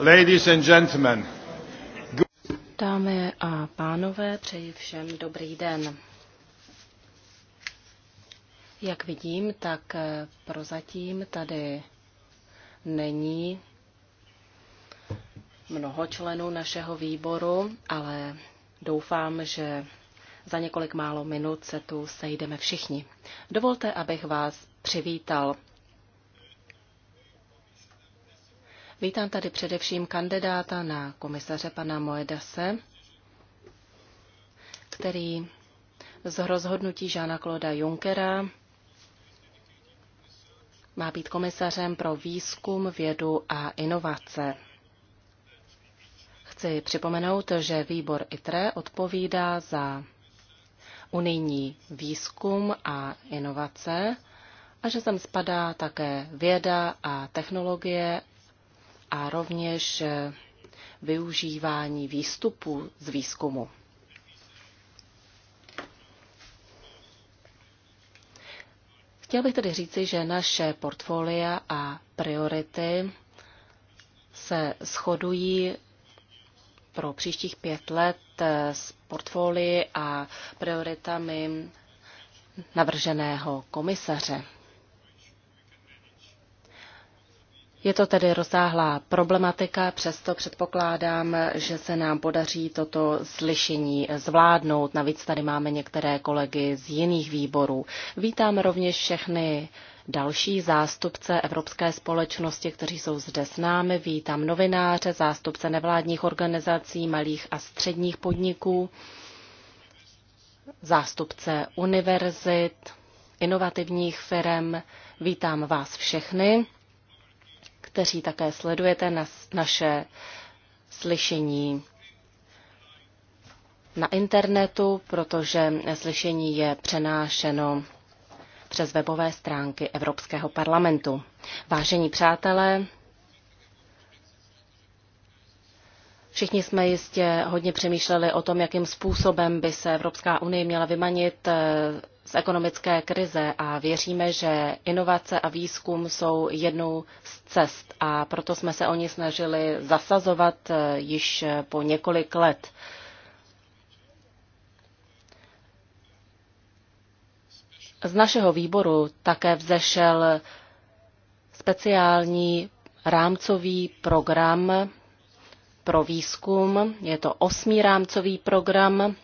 Ladies and gentlemen. Dámy a pánové, přeji všem dobrý den. Jak vidím, tak eh, prozatím tady není mnoho členů našeho výboru, ale doufám, že za několik málo minut se tu sejdeme všichni. Dovolte, abych vás přivítal. Vítám tady především kandidáta na komisaře pana Moedase, který z rozhodnutí Žána Kloda Junckera má být komisařem pro výzkum, vědu a inovace. Chci připomenout, že výbor ITRE odpovídá za unijní výzkum a inovace a že sem spadá také věda a technologie a rovněž eh, využívání výstupů z výzkumu. Chtěl bych tedy říci, že naše portfolia a priority se shodují pro příštích pět let eh, s portfolii a prioritami navrženého komisaře. Je to tedy rozsáhlá problematika, přesto předpokládám, že se nám podaří toto slyšení zvládnout. Navíc tady máme některé kolegy z jiných výborů. Vítám rovněž všechny další zástupce Evropské společnosti, kteří jsou zde s námi. Vítám novináře, zástupce nevládních organizací, malých a středních podniků, zástupce univerzit, inovativních firm. Vítám vás všechny kteří také sledujete naše slyšení na internetu, protože slyšení je přenášeno přes webové stránky Evropského parlamentu. Vážení přátelé, Všichni jsme jistě hodně přemýšleli o tom, jakým způsobem by se Evropská unie měla vymanit eh, z ekonomické krize a věříme, že inovace a výzkum jsou jednou z cest a proto jsme se o ně snažili zasazovat eh, již po několik let. Z našeho výboru také vzešel speciální rámcový program pro výzkum. Je to osmý rámcový program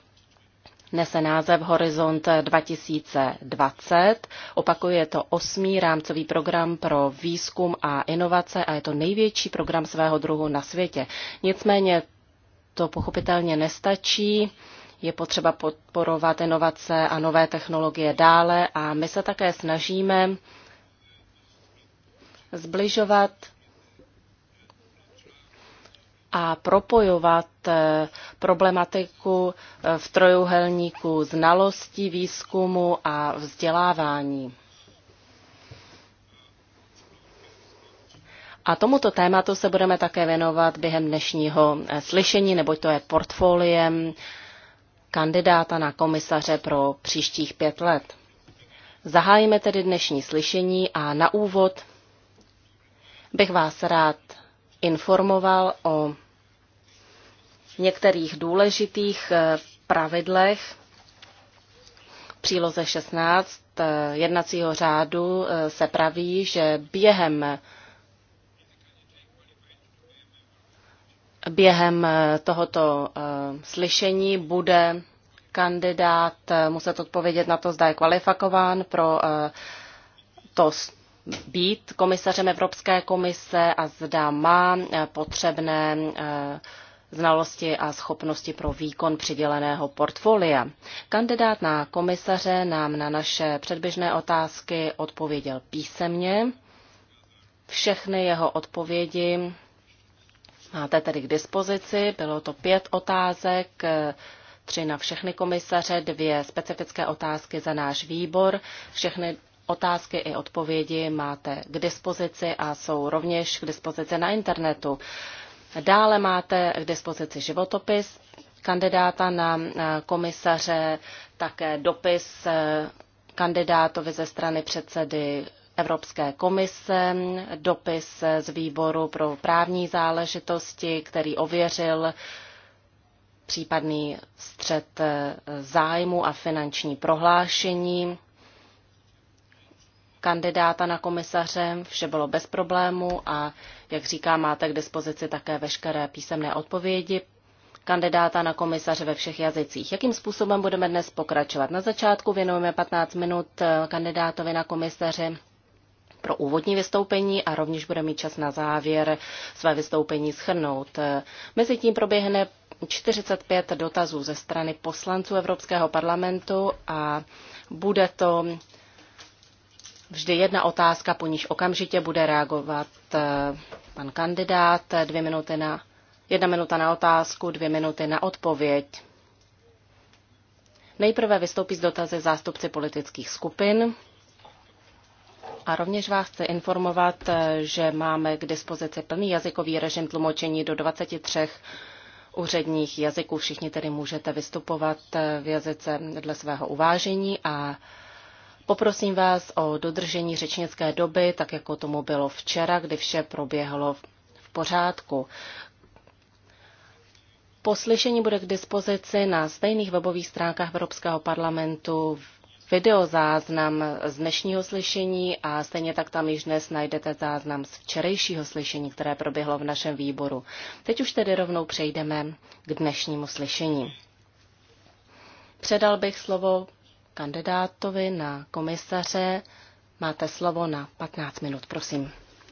nese název Horizont 2020. Opakuje to osmý rámcový program pro výzkum a inovace a je to největší program svého druhu na světě. Nicméně to pochopitelně nestačí. Je potřeba podporovat inovace a nové technologie dále a my se také snažíme zbližovat a propojovat eh, problematiku eh, v trojuhelníku znalosti, výzkumu a vzdělávání. A tomuto tématu se budeme také věnovat během dnešního eh, slyšení, neboť to je portfoliem kandidáta na komisaře pro příštích pět let. Zahájíme tedy dnešní slyšení a na úvod bych vás rád informoval o některých důležitých eh, pravidlech příloze 16 eh, jednacího řádu eh, se praví, že během během tohoto slyšení bude kandidát muset odpovědět na to, zda je kvalifikován pro to být komisařem Evropské komise a zda má potřebné znalosti a schopnosti pro výkon přiděleného portfolia. Kandidát na komisaře nám na naše předběžné otázky odpověděl písemně. Všechny jeho odpovědi máte tedy k dispozici. Bylo to pět otázek, tři na všechny komisaře, dvě specifické otázky za náš výbor. Všechny Otázky i odpovědi máte k dispozici a jsou rovněž k dispozici na internetu. Dále máte k dispozici životopis kandidáta na komisaře, také dopis eh, kandidátovi ze strany předsedy Evropské komise, dopis eh, z výboru pro právní záležitosti, který ověřil případný střed eh, zájmu a finanční prohlášení kandidáta na komisaře, vše bylo bez problému a, jak říká, máte k dispozici také veškeré písemné odpovědi kandidáta na komisaře ve všech jazycích. Jakým způsobem budeme dnes pokračovat? Na začátku věnujeme 15 minut eh, kandidátovi na komisaře pro úvodní vystoupení a rovněž bude mít čas na závěr své vystoupení schrnout. Eh, Mezitím proběhne 45 dotazů ze strany poslanců Evropského parlamentu a bude to vždy jedna otázka, po níž okamžitě bude reagovat eh, pan kandidát. Dvě minuty na, jedna minuta na otázku, dvě minuty na odpověď. Nejprve vystoupí z dotazy zástupci politických skupin. A rovněž vás chci informovat, eh, že máme k dispozici plný jazykový režim tlumočení do 23 úředních jazyků. Všichni tedy můžete vystupovat eh, v jazyce dle svého uvážení a Poprosím vás o dodržení řečnické doby, tak jako tomu bylo včera, kdy vše proběhlo v pořádku. Poslyšení bude k dispozici na stejných webových stránkách Evropského parlamentu videozáznam z dnešního slyšení a stejně tak tam již dnes najdete záznam z včerejšího slyšení, které proběhlo v našem výboru. Teď už tedy rovnou přejdeme k dnešnímu slyšení. Předal bych slovo kandidátovi na komisaře. Máte slovo na 15 minut, prosím.